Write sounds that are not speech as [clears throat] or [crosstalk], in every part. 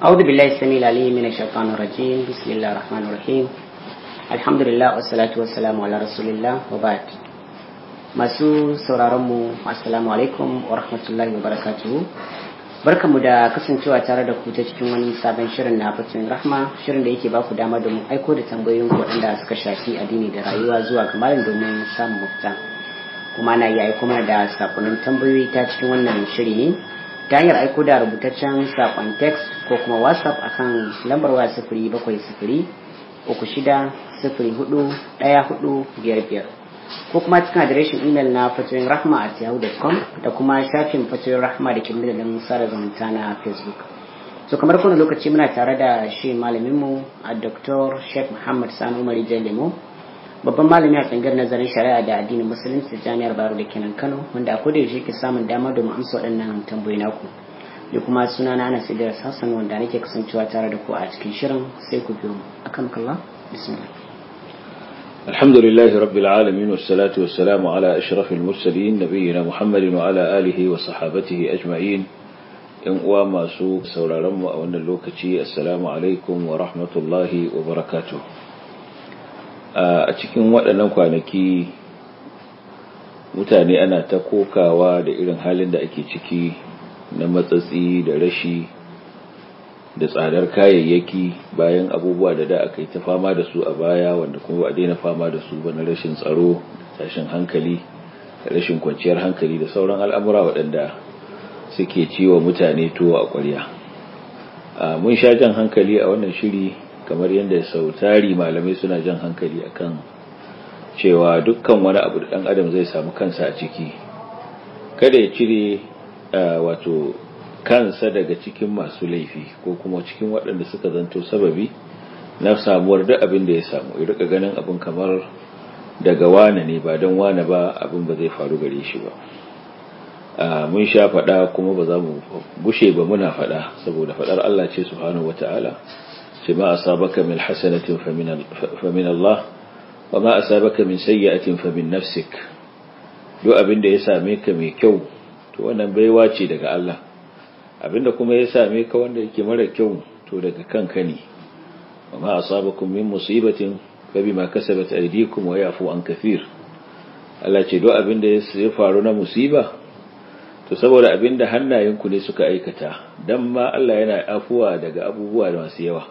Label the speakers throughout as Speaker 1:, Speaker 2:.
Speaker 1: أعوذ بالله السميع العليم من الشيطان الرجيم بسم الله الرحمن الرحيم الحمد لله والصلاة والسلام على رسول الله وبعد masu sauraronmu assalamu alaikum wa rahmatullahi wa barakatuhu Barkamu da kasancewa tare da ku ta cikin wani sabon shirin na fatin rahma shirin da yake ba ku dama domin aiko da tambayoyin ku waɗanda suka shafi addini da rayuwa zuwa ga malam domin samun mafita kuma na iya aiko mana da sakonin tambayoyi ta cikin wannan shiri ne ta hanyar aiko da rubutaccen sakon text ko kuma whatsapp akan lambar waya sifiri bakwai sifiri uku shida sifiri hudu daya hudu biyar biyar ko kuma cikin adireshin imel na fatoyin rahma a yahoo.com da kuma shafin fatoyin rahma da ke dandalin sada zumunta na facebook so kamar kuna lokaci muna tare da shi malaminmu a dr sheikh muhammad sanu marijan lemo babban malami a tsangar nazarin shari'a da addinin musulunci jami'ar baro da kenan kano wanda ko da yaushe ke samun dama domin amsa waɗannan tambayoyi naku da kuma suna na anas idar sassan wanda nake kasancewa tare da ku a cikin shirin sai ku biyo mu akan kallon bismillah
Speaker 2: alhamdulillahi rabbil alamin wassalatu wassalamu ala ashrafil mursalin nabiyina muhammadin wa ala alihi wa sahabatihi ajma'in yan uwa masu sauraron mu a wannan lokaci assalamu alaikum wa rahmatullahi wa barakatu. a cikin waɗannan kwanaki mutane ana ta kokawa da irin halin da ake ciki na matsatsi da rashi da tsadar kayayyaki bayan abubuwa da da aka yi ta fama da su a baya wanda kuma ba a daina fama da su ba na rashin tsaro tashin hankali rashin kwanciyar hankali da sauran al'amura waɗanda suke ciwa mutane tuwo a ƙwarya mun sha jan hankali a wannan shiri kamar yadda sau tari malamai suna jan hankali akan cewa dukkan wani abu da ɗan adam zai samu kansa a ciki kada ya cire wato kansa daga cikin masu laifi ko kuma cikin waɗanda suka zanto sababi na samuwar duk abin da ya samu ya rika ganin abin kamar daga wane ne ba don wane ba abin ba zai faru gare shi ba mun sha faɗa kuma ba za mu gushe ba muna faɗa saboda faɗar Allah ce subhanahu wata'ala ما أصابك من حسنة فمن, فمن الله وما أصابك من سيئة فمن نفسك duk abin da ya same ka mai kyau to wannan baiwa ce daga Allah abin da kuma ya same ka wanda yake mara kyau to daga kanka ne amma asabakum min musibatin fa bima kasabat aydikum wa yafu an kathir Allah ce duk abin da ya faru na musiba to saboda abin da hannayenku ne suka aikata dan ma Allah yana afuwa daga abubuwa masu yawa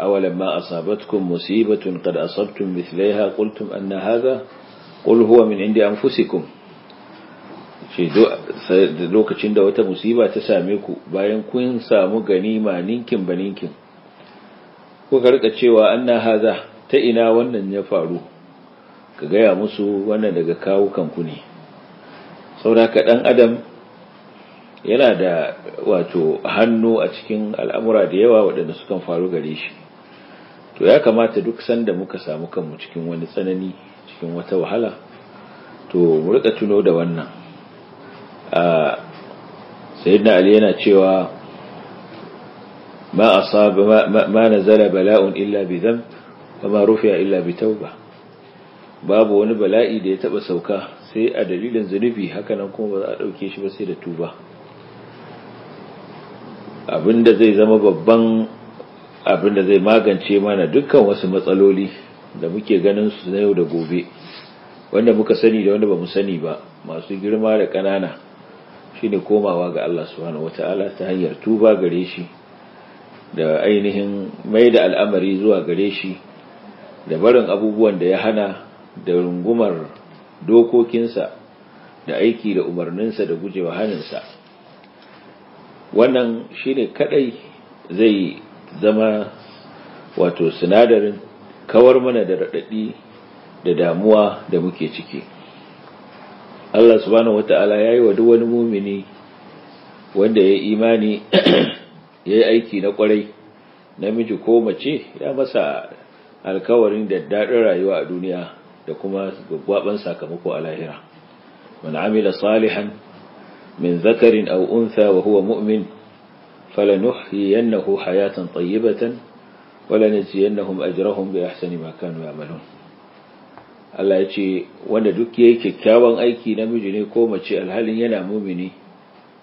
Speaker 2: أولما أصابتكم مصيبة قد أصبتم مثليها قلتم أن هذا قل هو من عند أنفسكم lokacin da wata musiba ta same ku bayan kun samu ganima ninkin ba ninkin kuka cewa anna haza ta ina wannan ya faru ka gaya musu wannan daga kawukan ku ne Saura kaɗan adam yana da wato hannu a cikin al'amura da yawa waɗanda sukan faru gare shi to ya kamata duk sanda muka samu kanmu cikin wani tsanani cikin wata wahala to mu rika tuno da wannan a sayyidina ali yana cewa ma asaba ma nazala bala'un illa bi dhanb wa ma rufi'a illa bi tauba babu wani bala'i da ya taba sauka sai a dalilin zunubi hakanan kuma ba za a dauke shi ba sai da tuba abinda zai zama babban abinda zai magance mana dukkan wasu matsaloli da muke ganin su na yau da gobe wanda muka sani da wanda ba mu sani ba masu girma da ƙanana shine komawa ga Allah Wata wataala ta hanyar tuba gare shi da ainihin mai da al'amari zuwa gare shi da barin abubuwan da ya hana da rungumar dokokinsa da aiki da umarninsa da gujewa hannunsa, wannan shi ne kadai zai zama wato sinadarin kawar mana da raɗaɗi da damuwa da muke ciki Allah subhanahu wata'ala ya yi wa duk wani mumini wanda ya imani [clears throat] ya yi aiki na kwarai namiji ko mace ya masa alkawarin da daɗin rayuwa a duniya da kuma gwaban sakamako a lahira man amila salihan min zakarin aw untha wa huwa mu'min فلنحيينه حياة طيبة ولنجزينهم أجرهم بأحسن ما كانوا يعملون Allah ya ce wanda duk yayi kyakkyawan aiki namiji ne ko mace alhalin yana mumini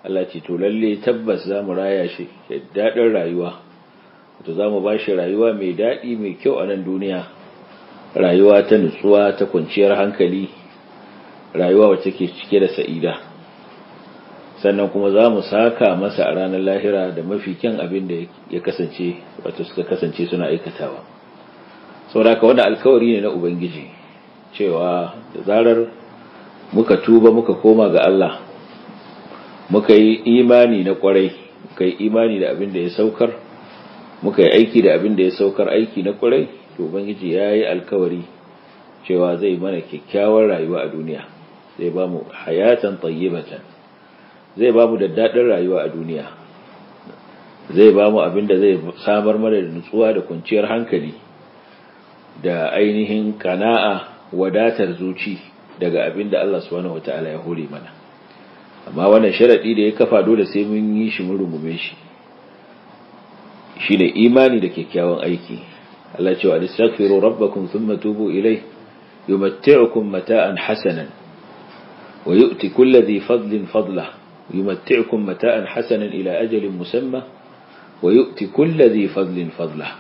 Speaker 2: Allah ce to lalle tabbas za mu raya shi daɗin rayuwa to ba shi rayuwa mai daɗi mai kyau a nan duniya rayuwa ta nutsuwa ta kwanciyar hankali rayuwa wacce ke cike da sa'ida sannan kuma za mu saka masa a ranar lahira da mafi kyan abin da ya kasance wato suka kasance suna aikatawa saboda ka wani alkawari ne na ubangiji cewa da zarar muka tuba muka koma ga Allah muka yi imani na kwarai muka yi imani da abin da ya saukar muka yi aiki da abin da ya saukar aiki na kwarai to ubangiji ya yi alkawari cewa zai mana kyakkyawar rayuwa a duniya zai ba mu hayatan tayyibatan zai ba mu daɗin rayuwa a duniya zai ba mu abin da zai samar mana da nutsuwa da kwanciyar hankali da ainihin kana'a wadatar zuci daga abin da Allah subhanahu wataala ya hore mana amma wannan sharadi da ya kafa dole sai mun yi shi mun rungume shi shine imani da kyakkyawan aiki Allah cewa astaghfiru rabbakum thumma tubu ilayhi yumatti'ukum mata'an hasanan wa yu'ti kulli dhi fadlin fadlahu يمتعكم متاء حسنا إلى أجل مسمى ويؤتي كل ذي فضل فضله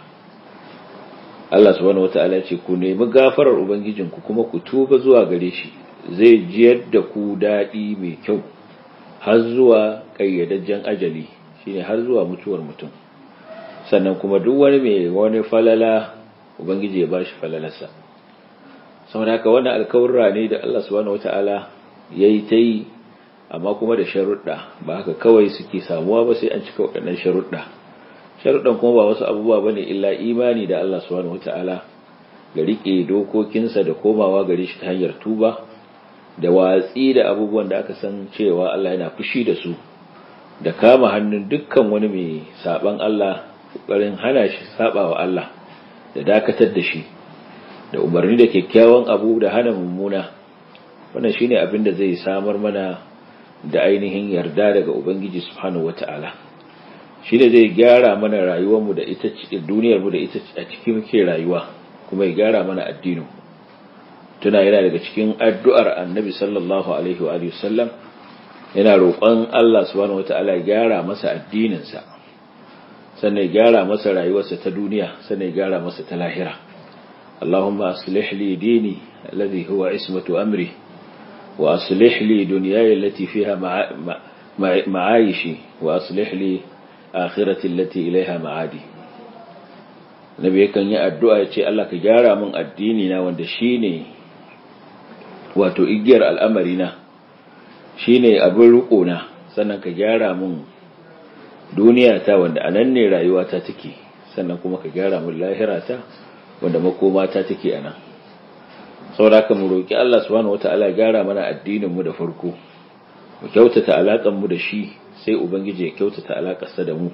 Speaker 2: Allah subhanahu wata'ala ce ku nemi gafarar ubangijinku kuma ku tuba zuwa gare shi zai jiyar da ku daɗi mai kyau har zuwa ƙayyadajjen ajali shine har zuwa mutuwar mutum sannan kuma duk wani mai wani falala ubangiji ya bashi falalarsa saboda haka wannan alkawarra ne da Allah subhanahu wata'ala yayi ta yi amma kuma da sharuɗa ba haka kawai suke samuwa ba sai an cika waɗannan sharuɗa sharuɗan kuma ba wasu abubuwa ba ne illa imani da Allah subhanahu wata'ala ga riƙe dokokinsa da komawa gare shi ta hanyar tuba da watsi da abubuwan da aka san cewa Allah yana fushi da su da kama hannun dukkan wani mai saɓan Allah ƙoƙarin hana shi saɓa wa Allah da dakatar da shi da umarni da kyakkyawan abu da hana mummuna wannan shine abin da zai samar mana da ainihin yarda daga ubangiji subhanahu wata'ala shi ne zai gyara mana rayuwarmu da ita duniyarmu da ita a cikin muke rayuwa kuma ya gyara mana addinin tuna yana daga cikin addu'ar annabi sallallahu alaihi wa sallam yana roƙon Allah subhanahu wata'ala ya gyara masa addininsa sannan ya gyara masa rayuwarsa ta duniya sannan ya gyara masa ta lahira اللهم أصلح لي ديني الذي هو عصمة أمري وأصلح لي دنياي التي فيها معايشي وأصلح لي آخرتي التي إليها معادي nabi yakan yi addu'a ya ce Allah ka gyara min addini na wanda shine wato igiyar al'amari na shine abin riko na sannan ka gyara min duniya wanda anan ne rayuwata take sannan kuma ka gyara mun lahirata ta wanda makoma ta take anan saboda ka mu roki Allah subhanahu wataala ya gara mana addinin mu da farko mu kyautata alakan mu da shi sai ubangiji ya kyautata alakarsa da mu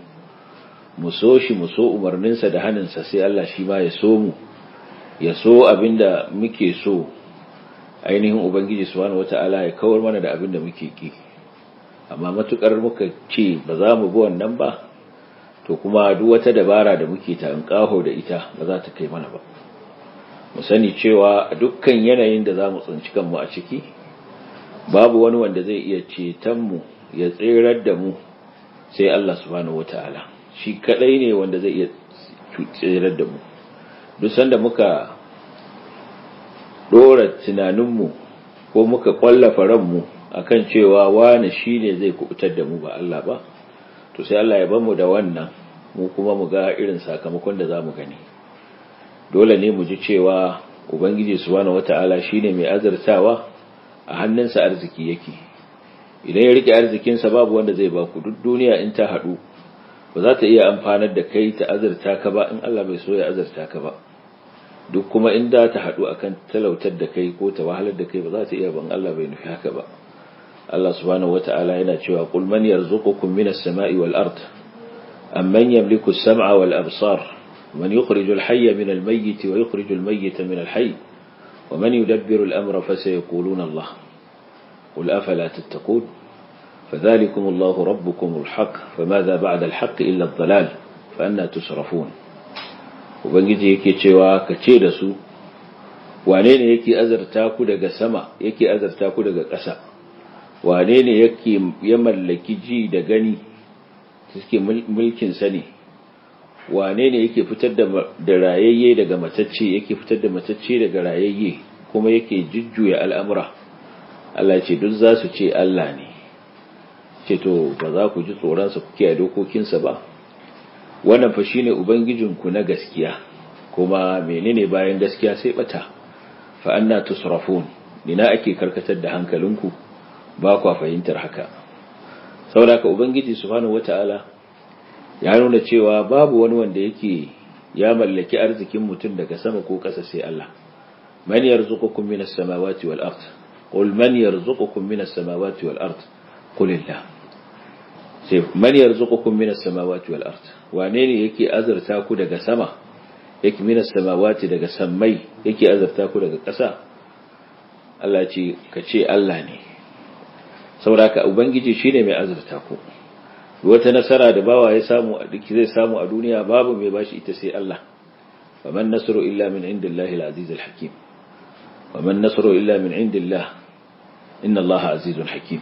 Speaker 2: mu so shi mu so umarninsa da sa sai Allah shi ma ya so mu ya so abinda muke so ainihin ubangiji subhanahu wataala ya kawar mana da abinda muke ki amma matukar muka ce ba za mu bi wannan ba to kuma duk wata dabara da muke ta kaho da ita ba za ta kai mana ba mu sani cewa a dukkan yanayin da za mu tsinci kanmu a ciki babu wani wanda zai iya cetonmu ya tserar da mu sai Allah subhanahu ta'ala shi kadai ne wanda zai iya tserar da mu duk sanda muka dora tunaninmu ko muka kwallafa ranmu akan cewa wani ne zai kubutar da mu ba Allah ba to sai Allah ya mu da wannan mu kuma mu ga irin sakamakon da za mu gani dole ne mu ji cewa ubangiji subhanahu wata'ala shine mai azurtawa a hannunsa arziki yake idan ya rike arzikinsa babu wanda zai ba ku duk duniya in ta haɗu ba za ta iya amfanar da kai ta azurta ka ba in Allah bai so ya azurta ka ba duk kuma in da ta haɗu akan talautar da kai ko ta wahalar da kai ba za ta iya ban Allah bai nufi haka ba Allah subhanahu wata'ala yana cewa qul man yarzuqukum minas sama'i wal ard amman yamliku as-sam'a wal absar ومن يخرج الحي من الميت ويخرج الميت من الحي ومن يدبر الأمر فسيقولون الله قل أفلا تتقون فذلكم الله ربكم الحق فماذا بعد الحق إلا الضلال فأنا تصرفون ubangiji yake cewa ka ce da su wane ne yake azarta ku daga sama yake azarta ku daga ƙasa wane ne yake ya mallaki ji wane ne yake fitar da rayayye daga matacce yake fitar da matacce daga rayayye kuma yake jujjuya al'amura Allah ce duk za su ce Allah ne ce to ba za ku ji tsoronsa kuke a dokokinsa ba wannan fa shine ku na gaskiya kuma menene bayan gaskiya sai bata fa anna tusrafun ina ake karkatar da hankalinku ba kwa fahimtar haka saboda ka ubangiji subhanahu wataala ya nuna cewa babu wani wanda yake ya mallaki arzikin mutum daga sama ko ƙasa sai Allah man yarzuqukum minas samawati wal ard qul man yarzuqukum minas samawati wal ard qul illah sai man yarzuqukum minas samawati wal ard wane ne yake azurta ku daga sama yake minas samawati daga sammai yake azurta ku daga ƙasa Allah ce ka ce Allah ne saboda ka ubangiji shine mai azurta ku wata nasara da bawa ya samu a duk zai samu a duniya babu mai bashi ita sai Allah faman nasru illa min indillahi al hakim faman nasru illa min indillah Allah azizun hakim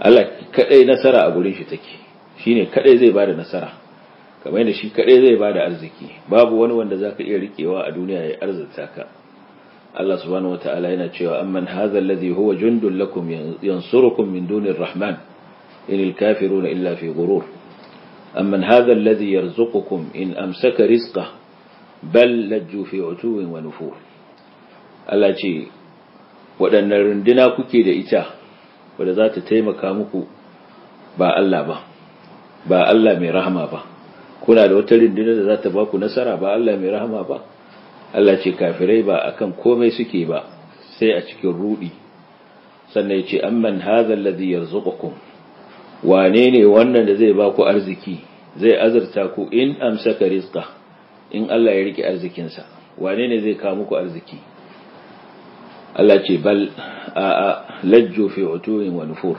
Speaker 2: Allah kadai nasara a gurin shi take shine kadai zai bada nasara kamar yadda shi kadai zai bada arziki babu wani wanda zaka iya rikewa a duniya ya arzuta ka Allah subhanahu wataala yana cewa amman hadha alladhi huwa jundul lakum yansurukum min dunir rahman inil kafiruna illa fi ghurur amman hadha alladhi yarzuqukum in amsaka rizqa bal lajju fi utuwin wa nufur Allah ce waɗannan runduna kuke da ita wadda za taimaka muku ba Allah ba ba Allah mai rahama ba kuna da wata runduna da zata baku nasara ba Allah mai rahma ba Allah ce kafirai ba akan komai suke ba sai a cikin ruɗi. sannan ya ce amman hadha alladhi yarzuqukum wane ne wannan da zai ba ku arziki zai azurta ku in amsaka rizqa in Allah ya rike arzikinsa wane ne zai kawo muku arziki Allah ce bal a a lajju fi utuwin wa nufur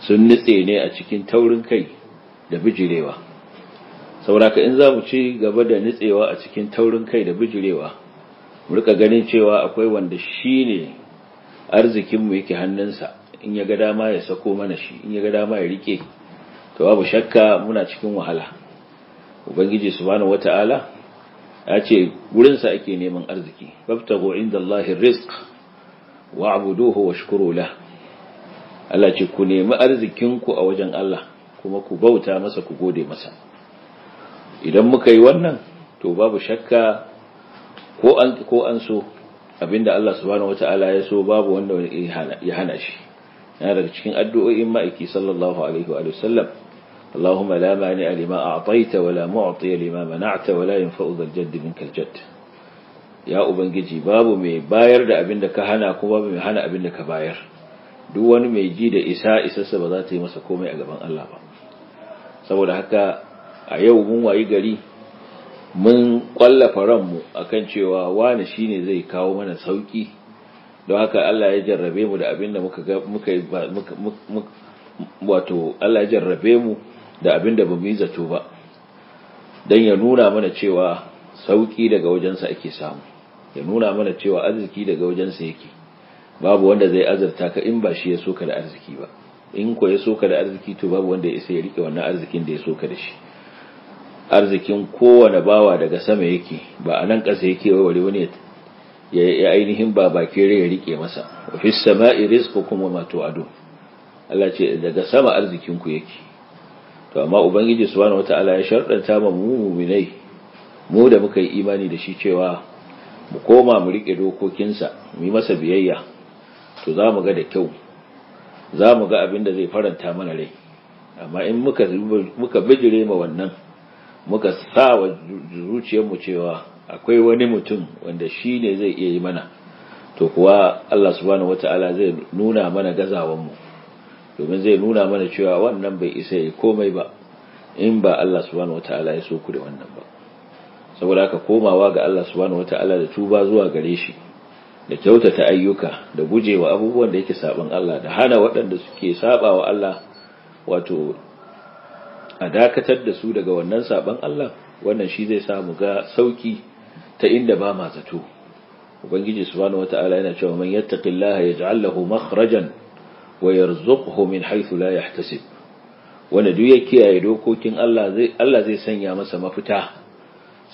Speaker 2: sun nitse ne a cikin taurin kai da bijirewa sauraka in za mu ci gaba da nitsewa a cikin taurin kai da bijirewa mu rika ganin cewa akwai wanda shi shine arzikinmu yake hannunsa in ya ga dama ya sako mana shi in ya ga dama ya rike to babu shakka muna cikin wahala ubangiji subhanahu wata'ala ya ce sa ake neman arziki babtago inda Allah rizq wa'buduhu washkuru lah Allah ce ku nemi arzikinku a wajen Allah kuma ku bauta masa ku gode masa idan muka yi wannan to babu shakka ko an ko an so abinda Allah subhanahu wata'ala ya so babu wanda ya hana shi Na daga cikin addu’o’in ma’aiki sallallahu alaihi wa sallam Allahumma la mani a lima a ataita wa la mu'ati a lima mana'ata wa la yin fa’uzar jaddi min ya ubangiji babu mai bayar da abin da ka hana kuma babu mai hana abin da ka bayar duk wani mai ji da isa isassa ba za ta yi masa komai a gaban Allah ba saboda haka a yau mun wayi gari mun kwallafa ranmu akan cewa wani shine zai kawo mana sauƙi. don haka Allah ya jarrabe mu da abin da muka muka wato Allah ya jarrabe mu da abin da bamu zato ba dan ya nuna mana cewa sauki daga wajensa ake samu ya nuna mana cewa arziki daga wajensa yake babu wanda zai azurta ka in ba shi ya soka da arziki ba in ko ya soka da arziki to babu wanda ya isa ya rike wannan arzikin da ya soka da shi arzikin kowane bawa daga sama yake ba a nan ƙasa yake wai wani ya ainihin ba kera rai ya rike masa ofis fi sama'i kuma wa mato ado Allah ce daga sama arzikin ku yake to amma ubangiji subhanahu wataala ya sharɗanta ma mu mu'minai mu da muka yi imani da shi cewa mu koma mu rike dokokinsa mu yi masa biyayya to za mu ga da kyau za mu ga abin da zai faranta mana rai amma in muka muka bijire ma wannan muka sa wa zuciyarmu cewa akwai wani mutum wanda shi ne zai iya yi mana to kuwa Allah subhanahu wata'ala zai nuna mana gazawanmu domin zai nuna mana cewa wannan bai isa yi komai ba in ba Allah subhanahu wata'ala ya so ku da wannan ba saboda haka komawa ga Allah subhanahu wata'ala da tuba zuwa gare shi da kyautata ayyuka da gujewa abubuwan da yake saban Allah da hana waɗanda suke saba wa Allah wato a dakatar da su daga wannan saban Allah wannan shi zai samu ga sauki ta inda ba ma zato ubangiji subhanahu wata'ala yana cewa man yattaqillaha yaj'al lahu makhrajan wa yarzuqhu min haythu la yahtasib wanda duk ya kiyaye dokokin Allah zai Allah zai sanya masa mafita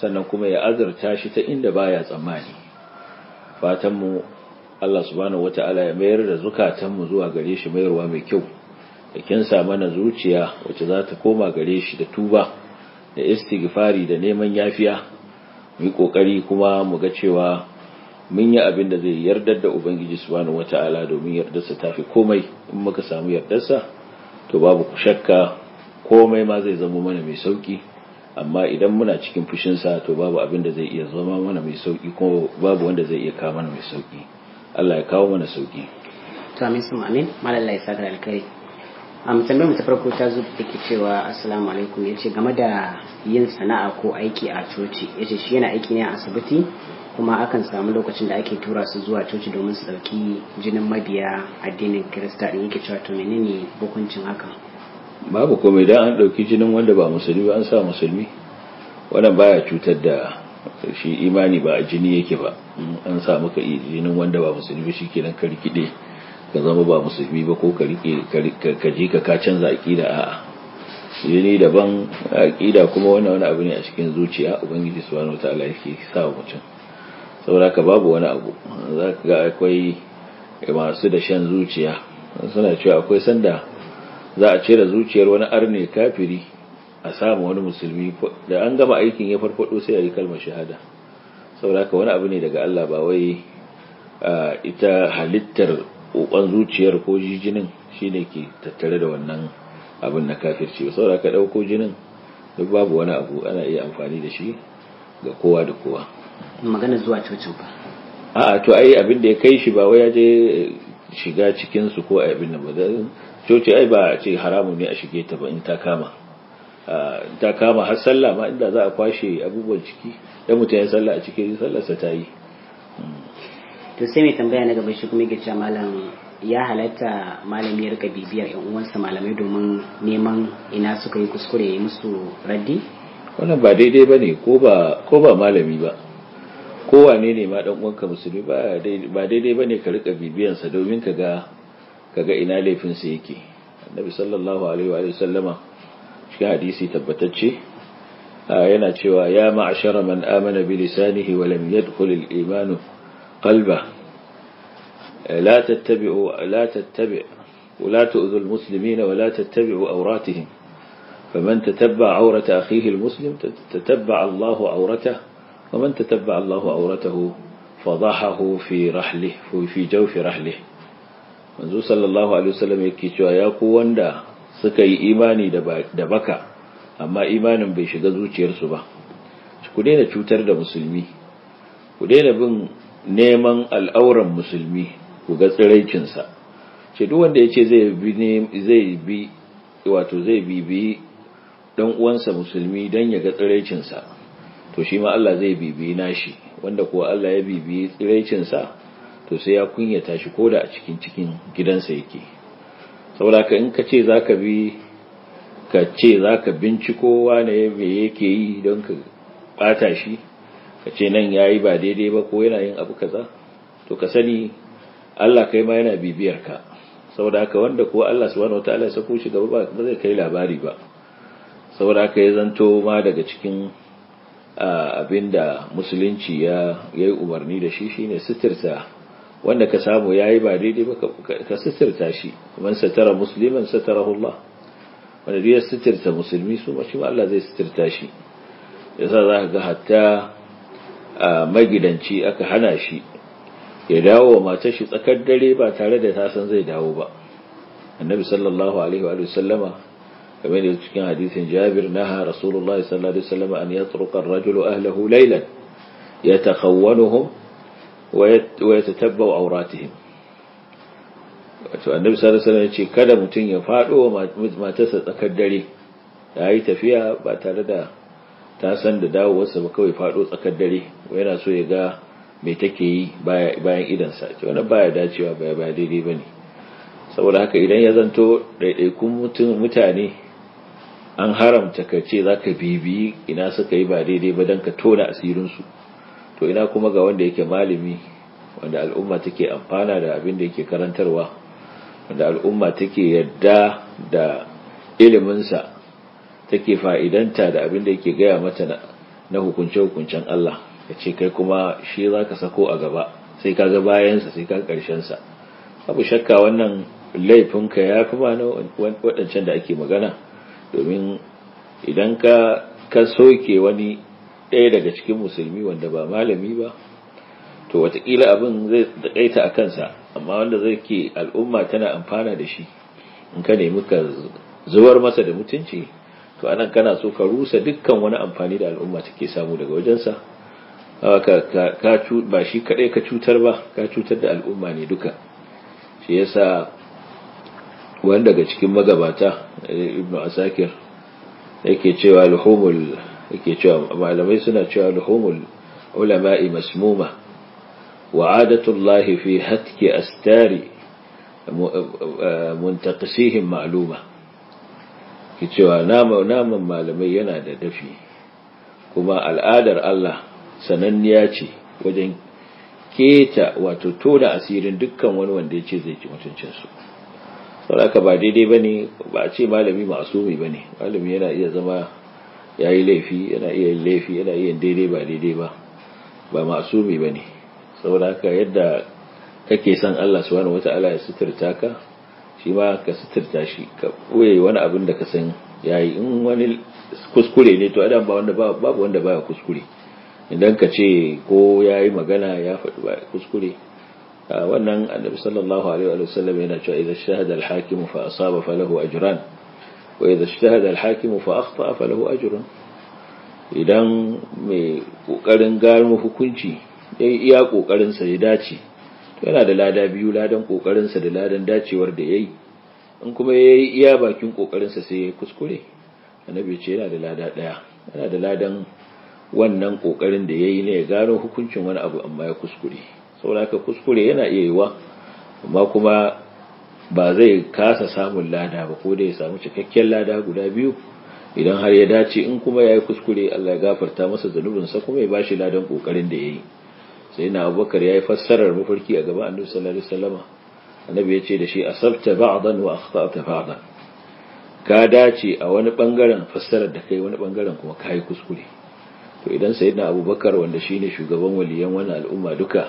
Speaker 2: sannan kuma ya azurta shi ta inda baya tsammani fatan mu Allah subhanahu wata'ala ya mayar da zukatan mu zuwa gare shi mayarwa mai kyau da kinsa mana zuciya wacce za ta koma gare shi da tuba da istighfari da neman yafiya mu yi ƙoƙari kuma mu ga cewa mun yi abin da zai yardar da ubangiji subhanahu wata'ala domin yardarsa ta fi komai in muka samu yardarsa to babu ku shakka komai ma zai zama mana mai sauki amma idan muna cikin fushinsa to babu abin da zai iya zama mana mai sauƙi, ko babu
Speaker 1: wanda zai iya kawo mana mai sauƙi. Allah ya kawo mana sauki to amin sun amin malalla ya saka alkai a musamman mu ta farko ta zo da ke cewa assalamu alaikum ya ce game da yin sana'a ko aiki a coci ya ce shi yana aiki ne a asibiti kuma akan samu lokacin da ake tura su zuwa coci domin su ɗauki jinin mabiya addinin kirista ɗin yake cewa to menene hukuncin hakan
Speaker 2: babu komai da an ɗauki jinin wanda ba musulmi ba an sa musulmi wannan baya cutar da shi imani ba a jini yake ba an sa maka jinin wanda ba musulmi shi kenan ka rikide ka zama ba musulmi ba ko ka rike ka je ka ka canza aqida a'a ne daban aqida kuma wannan wani abu ne a cikin zuciya ubangiji subhanahu wataala yake sa mutum saboda ka babu wani abu za ka ga akwai masu da shan zuciya suna cewa akwai sanda za a cire zuciyar wani arne kafiri a samu wani musulmi da an gama aikin ya farfado sai a yi kalmar shahada saboda ka wani abu ne daga Allah ba wai ita halittar kokon zuciyar ko jijinin ne ke tattare da wannan abin na kafirci ba saboda ka dauko jinin duk babu wani abu ana iya amfani da shi ga kowa da kowa
Speaker 1: magana zuwa cocin ba
Speaker 2: a'a to ai abin da ya kai shi ba wai ya je shiga cikin su ko abin da ba coci ai ba ce haramun ne a shige ta ba in ta kama ta kama
Speaker 1: har sallah ma inda za a kwashe abubuwan ciki dan mutum ya sallah a cikin sallarsa ta yi hmm. to sai mai tambaya na gaba shi kuma yake cewa malam ya halatta malami ya rika bibiyar yan uwansa malamai domin neman ina suka yi kuskure ya musu raddi wannan ba daidai bane ko ba ko ba malami ba ko wane ne ma dan
Speaker 2: uwanka musulmi ba ba daidai bane ka rika bibiyan sa domin ka ga kaga ina laifin sa yake annabi sallallahu alaihi wa sallama cikin hadisi tabbatacce yana cewa ya ma'ashara man amana bi lisanihi wa lam yadkhul al-iman قلبه لا تتبع لا تتبع ولا تؤذوا المسلمين ولا تتبعوا أوراتهم فمن تتبع عورة أخيه المسلم تتبع الله عورته ومن تتبع الله عورته فضحه في رحله في جوف رحله منذ صلى الله عليه وسلم yake cewa ya ku wanda suka yi imani da baka amma imanin bai shiga zuciyarsu ba ku daina neman al'auran musulmi ku ga tsiraicinsa ce duk wanda ya ce zai bi wato zai bibiyi dan uwansa musulmi don ya ga tsiraicinsa to shi ma Allah zai bibiyi nashi wanda kuwa Allah ya bibiyi tsiraicinsa to sai ya kunyata shi koda a cikin cikin gidansa yake saboda ka in ka ce za ka bi ka ce za ka bincikowa ne yake yi don ka ɓata shi ka ce nan ya yi ba daidai ba ko yana yin abu kaza to ka sani Allah kai ma yana bibiyar ka saboda haka wanda ko Allah subhanahu wataala ya sako shi gaba ba ba zai kai labari ba saboda haka ya zanto ma daga cikin abinda musulunci ya yi umarni da shi shine sitirta wanda ka samu ya yi ba daidai ba ka sitirta shi man satara musliman satarahu Allah wanda ya sitirta musulmi su ma shi Allah zai sitirta shi yasa za ka ga hatta A magidanci aka hana shi ya dawo wa matar shi tsakar dare ba tare da ta san zai dawo ba annabi sallallahu alaihi wa sallama kamar da cikin hadisin jabir naha rasulullah sallallahu alaihi wasallam an yatruqa ar-rajulu ahlihi laylan yatakhawanuhum wa ya yatatabba'u awratihim wato annabi sallallahu alaihi wasallam yace kada mutum ya faɗo wa matarsa tsakar dare ya yi tafiya ba tare da ta san da dawowarsa ba kawai faɗo tsakar dare yana so ya ga mai take yi bayan idansa ce wani baya dacewa baya baya daidai ba ne saboda haka idan ya zanto ɗaiɗaikun mutane an haramta ka ce za ka bibiyi ina suka yi ba daidai ba don ka tona asirinsu to ina kuma ga wanda yake malami wanda al'umma take amfana da abin da yake karantarwa wanda al'umma take yadda da iliminsa take fa'idanta da abin da yake gaya mata na hukunce-hukuncen Allah ya ce kai kuma shi za ka sako a gaba sai ka ga bayansa sai ka sa abu shakka wannan laifinka ya fi mana waɗancan da ake magana domin idan ka ka soke wani ɗaya daga cikin musulmi wanda ba malami ba to watakila abin zai taƙaita a kansa amma wanda zai ke al'umma tana amfana da shi in ka nemi ka zuwar masa da mutunci to anan kana so ka rusa dukkan wani amfani da al'umma take samu daga wajensa ba shi kadai ka cutar ba ka cutar da al'umma ne duka shi yasa wani daga cikin magabata eh, ibnu asakir yake cewa luhumul yake cewa malamai suna cewa luhumul ulama'i masmuma wa lahi fi hatki astari eh, eh, muntaqisihim ma'luma ki cewa naman malamai yana da dafi kuma al'adar Allah sananniya ce wajen keta wato tona asirin dukkan wani wanda ya ce zai ci mutuncinsu sauraka ba daidai ba ne ba a ce malami mai ba ne malami yana iya zama ya yi laifi yana iya yin laifi yana iya daidai ba daidai ba ba mai ba ne sauraka yadda kake son Allah wata ala ya suturta ka shi ma ka suturta shi ka ɓoye wani abin da ka san yayi in wani kuskure ne to adam ba wanda babu wanda baya kuskure idan ka ce ko yayi magana ya faɗi ba kuskure a wannan annabi sallallahu alaihi wa sallam yana cewa idan shahada al-hakim fa asaba falahu ajran wa idan shahada al-hakim fa akhta falahu ajrun idan mai kokarin gano hukunci yayi iya kokarin sa ya dace yana da lada biyu ladan kokarinsa da ladan dacewar da yayi in kuma yayi iya bakin kokarinsa sai ya kuskure annabi ce yana da lada daya yana da ladan wannan kokarin da yayi ne ya gano hukuncin wani abu amma ya kuskure saboda haka kuskure yana iya yiwa amma kuma ba zai kasa samun lada ba ko da ya samu cikakken lada guda biyu idan har ya dace in kuma ya yi kuskure Allah ya gafarta masa zanubinsa kuma ya ba shi ladan kokarin da ya yi sai na abubakar ya yi fassarar mafarki a gaba annabi sallallahu alaihi wasallama annabi ya ce da shi a ba'dan wa akhta'ta ba'dan ka dace a wani bangaren fassarar da kai wani bangaren kuma kai kuskure to idan sayyidina abubakar wanda shi ne shugaban waliyan wannan al'umma duka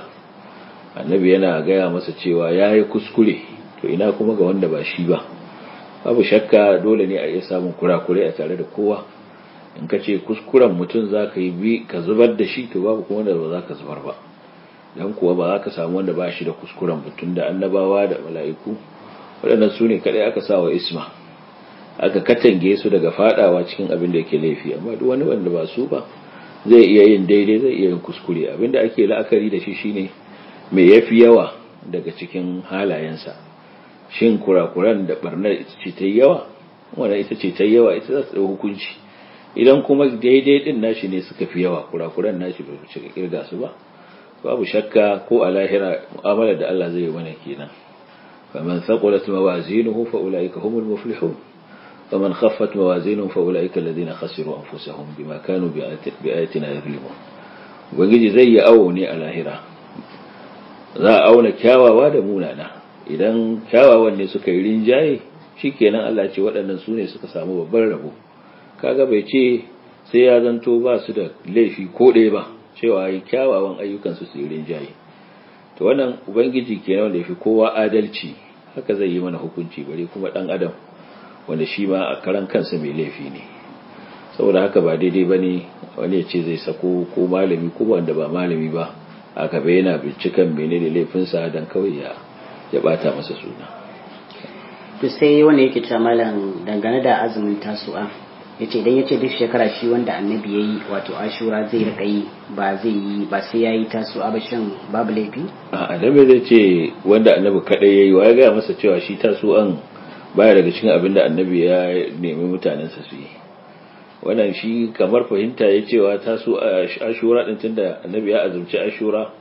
Speaker 2: annabi yana gaya masa cewa yayi kuskure to ina kuma ga wanda ba shi ba babu shakka dole ne a iya samun kurakure a tare da kowa in ka ce kuskuren mutum za ka yi bi ka zubar da shi to babu kuma da ba za ka zubar ba dan kuwa ba za ka samu wanda ba shi da kuskuren mutum da annabawa da mala'iku waɗannan su ne kaɗai aka sa isma aka katange su daga fadawa cikin abin da yake laifi amma duk wani wanda ba su ba zai iya yin daidai zai iya yin kuskure abin da ake la'akari da shi shine me yafi yawa daga cikin halayensa shin kurakuran da barnar ita ce ta yawa wanda ita ce ta yawa ita za ta hukunci idan kuma daidai ɗin nashi ne suka fi yawa kurakuran nashi ba su cika kirga su ba babu shakka ko a lahira mu'amalar da Allah zai yi mana kenan faman thaqulat mawazinuhu fa ulaika humul muflihun faman khaffat mawazinuhu fa ulaika alladhina khasiru anfusahum bima kanu bi ayatina yadhlimun ubangiji zai yi awo ne a lahira za a auna kyawawa da munana idan kyawawan ne suka yi rinjaye shikenan Allah ce waɗannan su ne suka samu babban rabo kaga bai ce sai ya zanto ba su da laifi ko ɗaya ba cewa yi kyawawan ayyukansu su yi jayi to wannan ubangiji ke nan da ya fi kowa adalci haka zai yi mana hukunci bari kuma ɗan adam wanda shi ma a karan kansa mai laifi ne saboda haka ba daidai ba ne wani ya ce zai sako ko malami ko wanda ba malami ba a gaba yana binciken menene laifinsa don kawai ya ya bata masa suna
Speaker 1: to sai wanda yake ta malam dangane da azumin tasu'a yace ya yace duk shekara shi wanda annabi ya yi wato ashura zai rika yi ba zai yi ba sai yayi tasu abashin babu laifi
Speaker 2: annabi zai ce wanda annabi kadai yi wa ya gaya masa cewa shi tasu an baya daga cikin abin da annabi ya nemi mutanensa su yi wannan shi kamar fahimta ya cewa tasu ashura din tunda annabi ya azumci ashura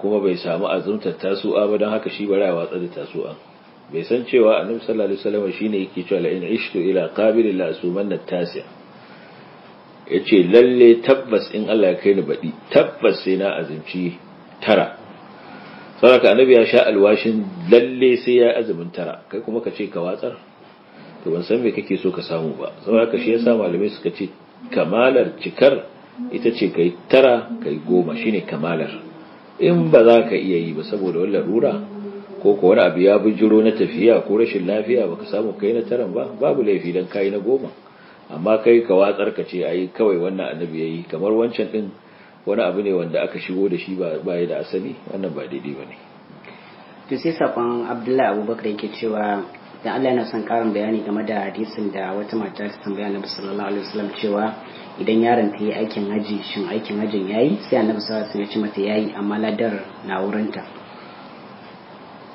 Speaker 2: kuma bai samu azumtar tasu'a ba don haka shi ba ya watsa da an. bai san cewa annabi sallallahu alaihi wasallam shine yake cewa la in ishtu ila qabil la asumanna tasi yace lalle tabbas in Allah ya kai ni badi tabbas sai na azumci tara saboda annabi ya sha alwashin lalle sai ya azumin tara kai kuma ka ce ka watsar to ban san me kake so ka samu ba saboda shi yasa malamai suka ce kamalar cikar ita ce kai tara kai goma shine kamalar in ba za ka iya yi ba saboda wannan rura ko ko wani abu ya bujiro na tafiya ko rashin lafiya baka samu kai na taran ba babu laifi dan kai na goma amma kai ka watsar ka ce ai kawai wannan annabi yayi kamar wancan din wani abu ne wanda aka shigo da shi ba ya da asali wannan ba daidai bane
Speaker 1: to sai sakon Abdullahi Abubakar yake cewa dan Allah yana son karin bayani game da hadisin da wata mata ta tambaya Annabi sallallahu alaihi wasallam cewa idan yaron ta yi aikin haji shin aikin hajin yayi sai Annabi sallallahu alaihi wasallam ya ce mata yayi amma ladar na wurinta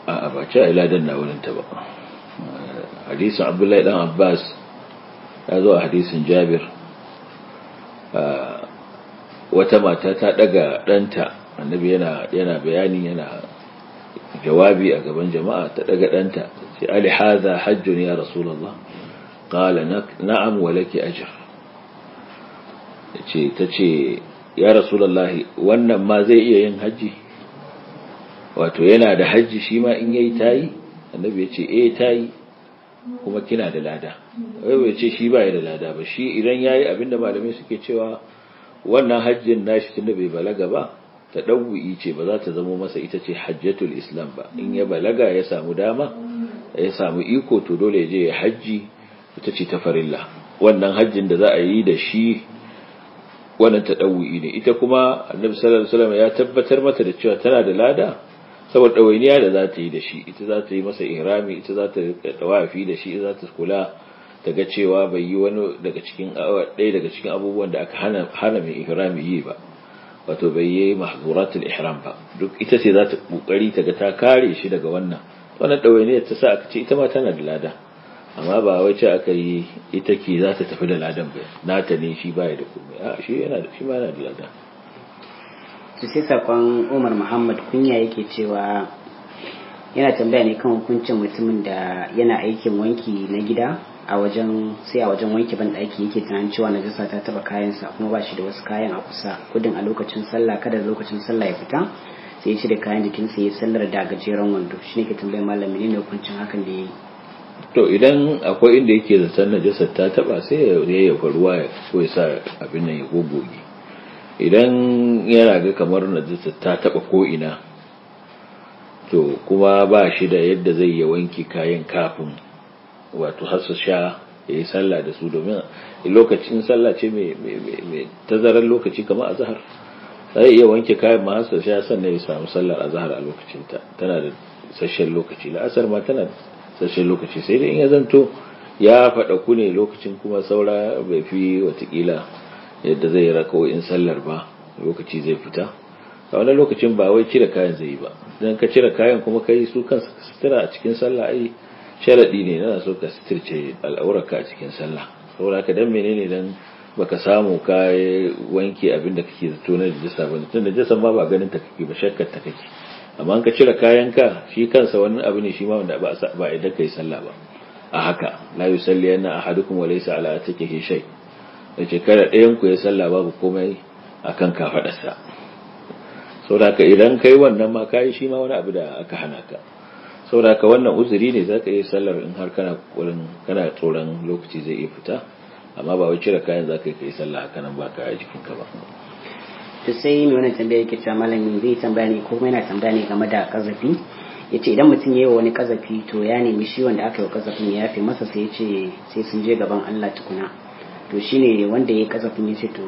Speaker 2: a ba ce a ladan na wurinta ba hadisin abdullahi dan abbas ya zo a hadisin jabir wata mata ta daga ɗanta annabi yana bayani yana jawabi a gaban jama'a ta daga ɗanta sai ali haza hajjun ya rasulullah qala na'am walaki laki ajr ce tace ya rasulullahi wannan ma zai iya yin hajji? wato yana da hajji shi ma in yayi tayi annabi ya ce eh tayi kuma kina da lada wai ya ce shi ba ya da lada ba shi idan yayi abinda malamai suke cewa wannan hajjin nashi tunda bai balaga ba ta dawwi ce ba za ta zama masa ita ce hajjatul islam ba in ya balaga ya samu dama ya samu iko to dole ya je ya hajji ita ce ta farilla wannan hajjin da za a yi da shi wannan ta dawwi ne ita kuma annabi sallallahu alaihi wasallam ya tabbatar mata da cewa tana da lada saboda ɗawainiya da za ta yi da shi ita za ta yi masa ihrami ita za ta tawafi da shi za ta kula ta ga cewa bai yi wani daga cikin ɗaya daga cikin abubuwan da aka hana mai ihrami yi ba wato bai yi mahzuratul ihram ba duk ita ce za ta kokari ta ga ta kare shi daga wannan wannan ɗawainiya ta sa aka ce ita ma tana da lada amma ba wai ce aka yi ita ke za ta tafi da ladan ba ta ne shi baya da komai a shi yana da shi ma yana da lada
Speaker 1: to sai sakon umar muhammad kunya yake cewa yana tambaya ne kan hukuncin mutumin da yana aikin wanki na gida a wajen sai a wajen wanki ban ɗaki yake tunanin cewa na najasa ta taba kayansa kuma ba shi da wasu kayan a kusa gudun a lokacin sallah kada lokacin sallah ya fita sai ya da kayan sai ya sallar da gajeren wando shi ne ke tambayar malami ne hukuncin hakan da ya yi
Speaker 2: to idan akwai inda yake zaton na jisa ta taba sai ya ya ruwa ko ya sa abin nan ya goge. idan yana ga kamar najasa ta taba ko ina to kuma ba shi da yadda zai yi wanke kayan kafin wato hasu sha ya yi sallah da su domin lokacin sallah ce mai tazarar lokaci kamar a zahar sai iya wanke kayan ma hasu sha sannan ya samu sallar a zahar a lokacinta tana da sashen lokaci la'asar ma tana da sashen lokaci sai dai in ya zanto ya faɗa ku ne lokacin kuma saura bai fi watakila yadda zai in sallar ba lokaci zai fita a wani lokacin ba wai cire kayan zai yi ba don ka cire kayan kuma ka yi su kansu sutura a cikin sallah ai sharaɗi ne na so ka suturce al'aurarka a cikin sallah saboda ka dan menene dan baka samu ka wanke abin da kake zato na jisa ba tun da ma ba ganin ta kake ba shakkar ta kake amma ka cire kayan ka shi kansa wani abu ne shi ma wanda ba a idan sallah ba a haka la yusalli yana ahadukum wa laysa ala atiqihi shay' da shekara ɗayan ku ya sallah babu komai akan da ka idan kai wannan ma kayi shi ma wani abu da aka hana ka ka wannan uzuri ne za ka yi sallar in har kana kokarin kana tsoron lokaci zai iya fita amma ba wai cire kayan zaka yi sallah haka nan ba ka a jikin ka ba
Speaker 1: to sai mai wannan tambaya yake cewa malami zai tambaya ne ko yana tambaya ne game da kazafi ya ce idan mutum ya yi wa wani kazafi to ya nemi shi wanda aka yi wa kazafin ya yafe masa sai ya ce sai sun je gaban Allah tukuna to shine wanda ya kazafin ya ce to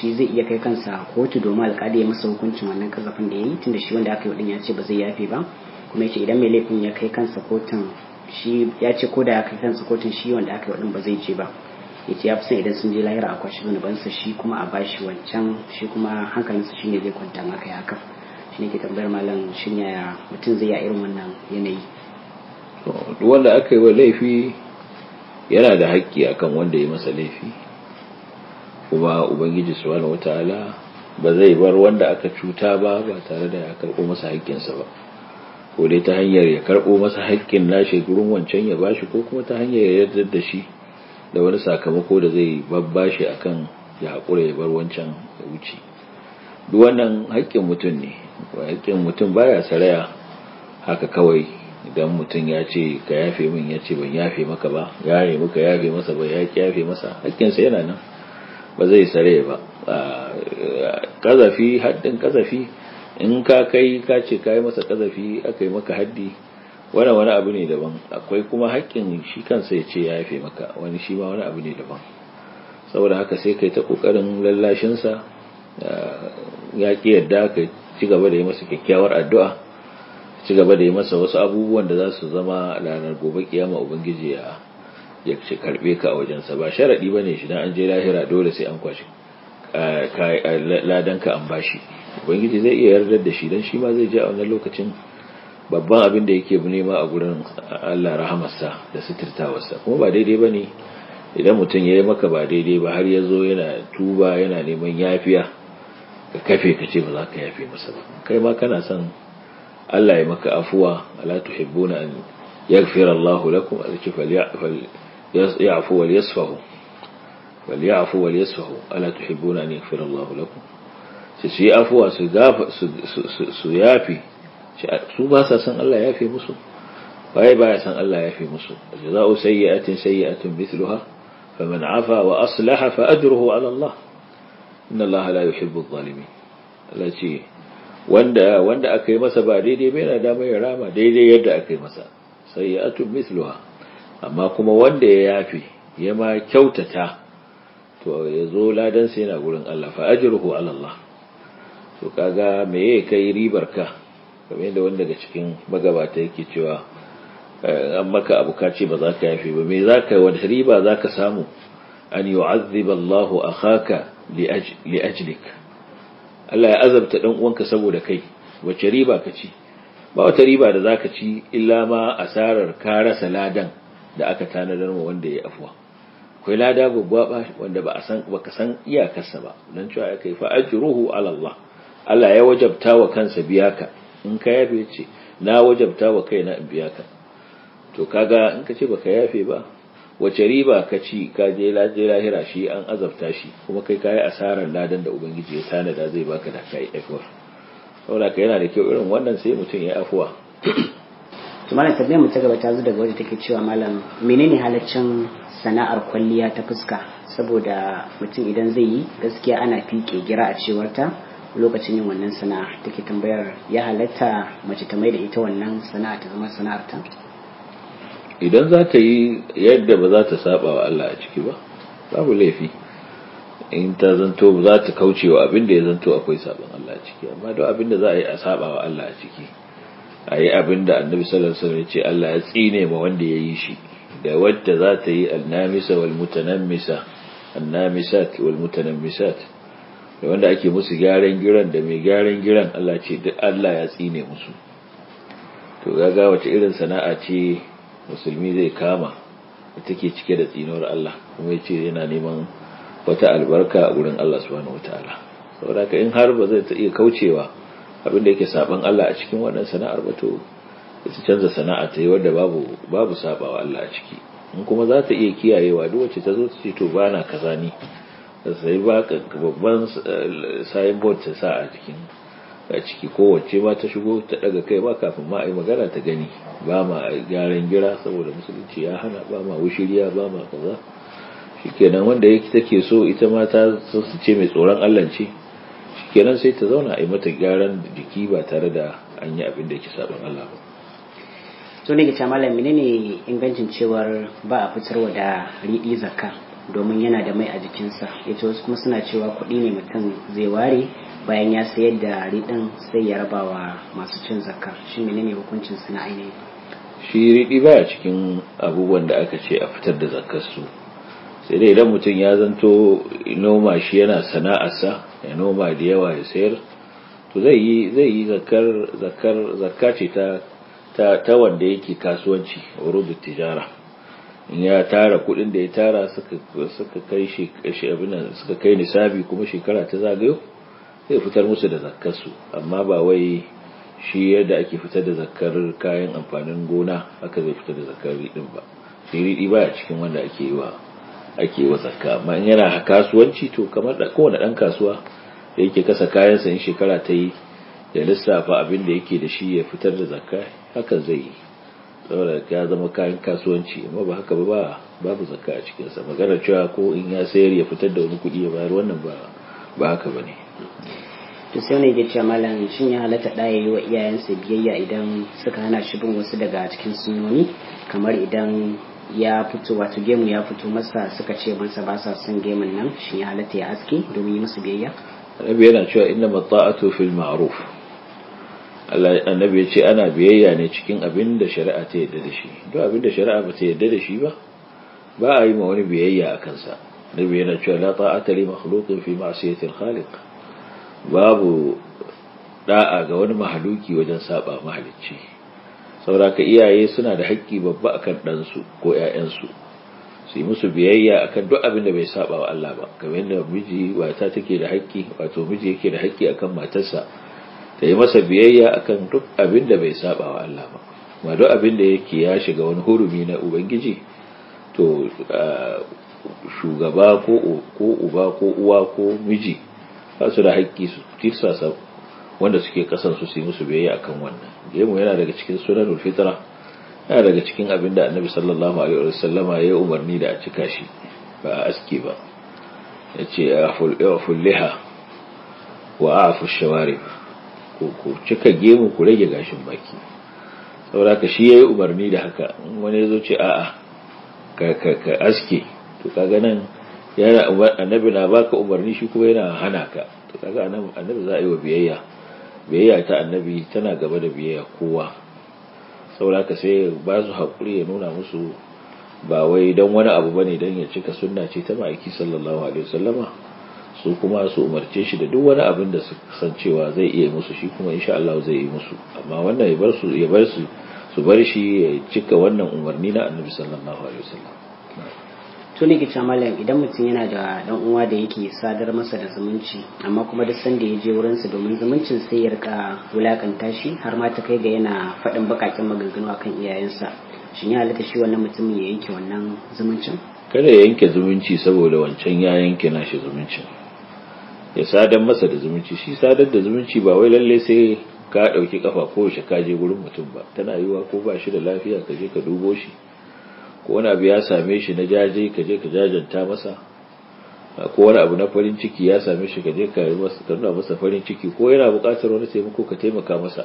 Speaker 1: shi zai iya kai kansa kotu domin alkali ya masa hukuncin wannan kazafin da ya yi tunda shi wanda aka yi ya ce ba zai yafe ba kuma ya ce idan mai laifin ya kai kansa kotun shi ya ce ko da ya kai kansa kotun shi wanda aka yi ba zai je ba ya ce ya fi son idan sun je lahira a kwashe bansa shi kuma a bashi wancan shi kuma hankalinsa ne zai kwanta maka ya haka shi ne ke tambayar malam shin yaya mutum zai yi a irin wannan yanayi
Speaker 2: wanda aka yi wa laifi yana da haƙƙi akan wanda ya masa laifi kuma ubangiji su wani wataala ba zai bar wanda aka cuta ba ba tare da ya karɓo masa haƙƙinsa ba ko dai ta hanyar ya karɓo masa haƙƙin nashi gurin wancan ya bashi ko kuma ta hanyar ya yarda da shi da wani sakamako da zai babbashi akan ya haƙura ya bar wancan ya wuce duk wannan haƙƙin mutum ne haƙƙin mutum baya saraya haka kawai idan mutum ya ce ka yafe min ya ce ban yafe maka ba ya yi muka yafe masa ba ya yafe masa hakkinsa yana nan ba zai sare ba kazafi haddin kazafi in ka kai ka ce ka yi masa kazafi aka yi maka haddi wani wani abu ne daban akwai kuma hakkin shi kansa ya ce ya yafe maka wani shi ma wani abu ne daban saboda haka sai kai ta kokarin lallashinsa ya ƙi yadda ka ci gaba da yi masa kyakkyawar addu'a ci gaba da yi masa wasu abubuwan da za su zama ranar gobe kiyama ubangiji ya ya ci karbe ka a wajensa ba sharaɗi ba ne shi dan an je lahira dole sai an kwashi eh, ka eh, an bashi ubangiji zai iya yardar da shi dan shi ma zai je a wannan lokacin babban abin da yake nema a gurin Allah rahamarsa da suturtawarsa kuma ba daidai ba ne idan mutum ya yi maka ba daidai ba har ya zo yana tuba yana neman yafiya ka kafe ka ce ba za ka yafe masa ba kai ma kana son ألا يمك أفوا ألا تحبون أن يغفر الله لكم فليعفو وليصفه فليعفو وليصفه ألا تحبون أن يغفر الله لكم سي أفوا سيافي سوبا ساسن الله يافي مصر فايبا ساسن الله يافي مصر جزاء سيئة سيئة مثلها فمن عفا وأصلح فأجره على الله إن الله لا يحب الظالمين التي wanda wanda aka yi masa ba daidai bai na damar ya rama daidai yadda aka yi masa sai ya atun misluwa. amma kuma wanda ya yafi, ya ma kyautata to ya zo ladan sai yana gurin Allah fa ajruhu ala Allah to kaga meye kai ribar ka kamar yadda wanda daga cikin magabata yake cewa eh, an maka abu ka ce ba za ka yafe ba me za ka yi wata riba za ka samu an yu'azziba Allahu akhaka li ajlik Allah ya azabta dan uwanka saboda kai wace riba ka ci ba wata riba da za ka ci illa ma asarar ka rasa ladan da aka tanadar wa wanda ya afwa akwai lada ba, wanda ba a san ka san iyakarsa ba dan cewa ya kai fa ajruhu ala Allah Allah ya wajabta wa kansa biya ka in ka yafe ce na wajabta wa kaina na biya ka to kaga in ka ce baka yafe ba wace riba ka ci ka je lahira shi an azabta shi kuma kai kayi asarar ladan da ubangiji ya tanada zai baka da kai afuwa saboda ka yana da kyau
Speaker 1: irin wannan sai mutum ya afuwa [coughs] malam tambayar mu ta gaba ta zo daga wajen take cewa malam menene halaccin sana'ar kwalliya ta fuska saboda mutum idan zai yi gaskiya ana fike gira a ta lokacin yin wannan sana'a take tambayar ya halatta mace ta mai da ita wannan sana'a ta zama sana'arta
Speaker 2: idan za ta yi yadda ba za ta saba wa Allah a ciki ba babu laifi in ta zanto za ta kauce wa abin da ya zanto akwai saban Allah a ciki amma don abin da za a yi a saba wa Allah a ciki a yi abin da annabi sallallahu alaihi wasallam ya ce Allah ya tsine ma wanda ya yi shi da wadda za ta yi annamisa wal mutanammisa annamisat wal mutanammisat da wanda ake musu gyaran giran da mai gyaran giran Allah ce duk Allah ya tsine musu to gaga wace irin sana'a ce musulmi zai kama da take cike da tsinuwar Allah kuma ya ce yana neman wata albarka a gurin Allah subhanahu wataala saboda ka in har ba zai ta iya kaucewa abin da yake saban Allah a cikin wannan sana'ar ba to ita canza sana'a ta yi wadda babu babu sabawa Allah a ciki in kuma za ta iya kiyayewa duk wacce ta zo ta ce to bana kaza ni sai ba babban eh, sayin bot ta sa a cikin a ciki kowace ma ta shigo ta daga kai ba kafin ma a yi magana ta gani ba ma gyaran gira saboda musulunci ya hana ba ma wushiriya ba ma kaza shikenan wanda yake take so ita ma ta ce mai tsoron Allah ce shikenan sai ta zauna a yi mata gyaran jiki ba tare da an yi abin da yake sabon Allah ba
Speaker 1: to ne ga malam menene ingancin cewar ba a fitarwa da riɗi zakka domin yana da mai a jikinsa ita wasu kuma suna cewa kuɗi ne mutum zai ware bayan ya sayar da riɗin sai ya raba wa masu cin zakka shi menene hukuncin su na ainihi
Speaker 2: shi riɗi baya cikin abubuwan da aka ce a fitar da zakkar su sai dai idan mutum ya zanto noma shi yana sana'arsa ya noma da yawa ya sayar to zai yi zai yi zakkar zakkar zakka ce ta ta wanda yake kasuwanci urudu tijara in ya tara kuɗin da ya tara suka kai shi abin suka kai nisabi kuma shekara ta zagayo zai fitar musu da zakkarsu amma ba wai shi yadda ake fitar da zakkar kayan amfanin gona aka zai fitar da zakkar riɗin ba shi riɗi baya cikin wanda ake yi wa ake wa zakka amma in yana kasuwanci to kamar da kowane ɗan kasuwa da yake kasa kayansa in shekara ta yi ya lissafa abin da yake da shi ya fitar da zakka haka zai yi saboda ya zama kayan kasuwanci amma ba haka ba babu zakka a cikinsa magana cewa ko in ya sayar ya fitar da wani kuɗi ya bayar wannan ba ba haka ba ne
Speaker 1: to sai wani ya ce malam shin ya halatta ɗaya yi wa iyayensa biyayya idan suka hana shi bin wasu daga cikin sunoni kamar idan ya fito wato gemu ya fito masa suka ce masa ba sa son gemun nan shin ya halatta ya aski domin yi musu biyayya
Speaker 2: annabi yana cewa inna mata'atu fil ma'ruf annabi ya ce ana biyayya ne cikin abin da shari'a ta yarda da shi duk abin da shari'a ba ta yarda da shi ba ba a yi ma wani biyayya a kansa annabi yana cewa la ta'ata li makhluqin fi ma'siyati al-khaliq babu da'a ga wani mahaluki wajen saba mahalicci sauraka iyaye suna da haƙƙi babba akan ɗansu ko ‘ya'yansu su yi musu biyayya akan duk abin da bai saba wa Allah ba kamar yadda miji wata take da haƙƙi wato miji yake da haƙƙi akan matarsa ta yi masa biyayya akan duk abin da bai saba wa Allah ba ma duk abin da yake ya shiga wani hurumi na ubangiji to ah, shugaba ko uba ko uwa ko miji ba su da haƙƙi su tirsasa wanda suke kasan su yi musu biyayya akan wannan gemu yana daga cikin sunanul fitra yana daga cikin abin da annabi sallallahu alaihi wasallama ya umarni da a cika shi ba a aski ba ya ce ya fulliha wa a Ko ku cika gemu ku rage gashin baki saboda ka shi ya yi umarni da haka wani ya zo ce a'a ka aske to kaga nan yana annabi na baka umarni shi kuma yana hana ka to kaga annabi za a yi wa biyayya biyayya ta annabi tana gaba da biyayya kowa saboda ka sai ba su hakuri ya nuna musu ba wai don wani abu bane dan ya cika sunna ce ta ma'aiki sallallahu alaihi wasallama su kuma su umarce shi da duk wani abin da su san cewa zai iya musu shi kuma insha Allah zai yi musu amma wannan ya bar su ya bar su su bar shi ya cika wannan umarni na Annabi sallallahu
Speaker 1: alaihi wasallam so ne malam idan mutum yana da dan uwa da yake sadar masa da zumunci amma kuma duk sanda ya je wurinsa domin zumuncin sai ya rika wulakanta shi har ma ta kai ga yana faɗin bakakin maganganu akan iyayensa shin ya halitta shi wannan mutumin ya yanke wannan zumuncin
Speaker 2: kada ya yanke zumunci saboda wancan ya yanke nashi zumuncin ya sadar masa da zumunci shi sadar da zumunci ba wai lalle sai ka ɗauki kafa ko shi ka je wurin mutum ba tana yiwa ko ba shi da lafiya ka je ka dubo shi ko wani abu ya same shi na jaje ka je ka jajanta masa ko wani abu na farin ciki ya same shi ka je ka yi masa farin ciki ko yana buƙatar wani taimako ka taimaka masa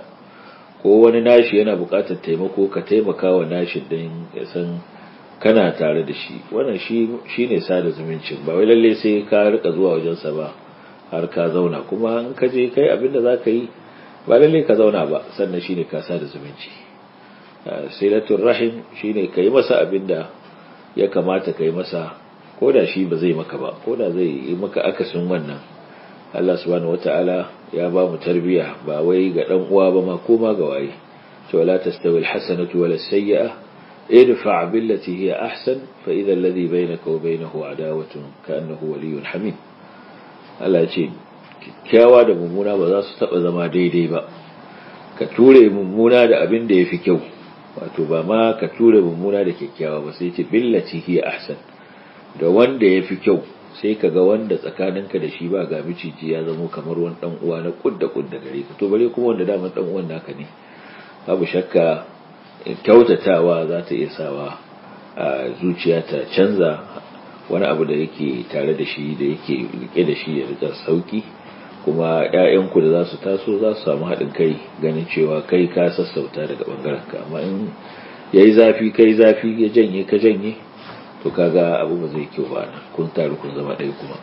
Speaker 2: ko wani nashi yana buƙatar taimako ka taimaka wa nashi don ya san kana tare da shi wannan shi shine sada zumunci ba wai lalle sai ka rika zuwa wajen sa ba har ka zauna kuma in ka kai abin da zaka yi ba lalle ka zauna ba sannan shine ka sada zumunci silatul rahim shine yi masa abinda ya kamata yi masa ko da shi ba zai maka ba ko da zai yi maka akasin wannan Allah subhanahu wataala ya ba mu tarbiya ba wai ga dan uwa ba ma ko ma ga waye to la tastawi alhasanatu wala sayyi'a idfa billati hiya ahsan fa idha alladhi bainaka wa bainahu adawatun ka'annahu waliyyun hamid Allah ya ce kyakkyawa da mummuna ba za su taba zama daidai ba ka ture mummuna da abin da yafi kyau wato ba ma ka tura mummuna da kyakkyawa ba sai ce billaci hi ahsan da wanda ya fi kyau sai ka ga wanda tsakaninka da shi ba ga miciji ya zamo kamar wani ɗan uwa na kudda kudda gare ka to bare kuma wanda daman ɗan uwan naka ne babu shakka kyautatawa za ta iya sawa a zuciya ta canza wani abu da yake tare da shi da yake rike da shi ya rika sauki kuma 'ya'yanku da za su taso za su samu haɗin kai ganin cewa kai ka sassauta daga ɓangaren ka amma in ya yi zafi kai zafi ya janye ka janye to kaga abu ba zai kyau ba kun taru kun zama ɗaya kuma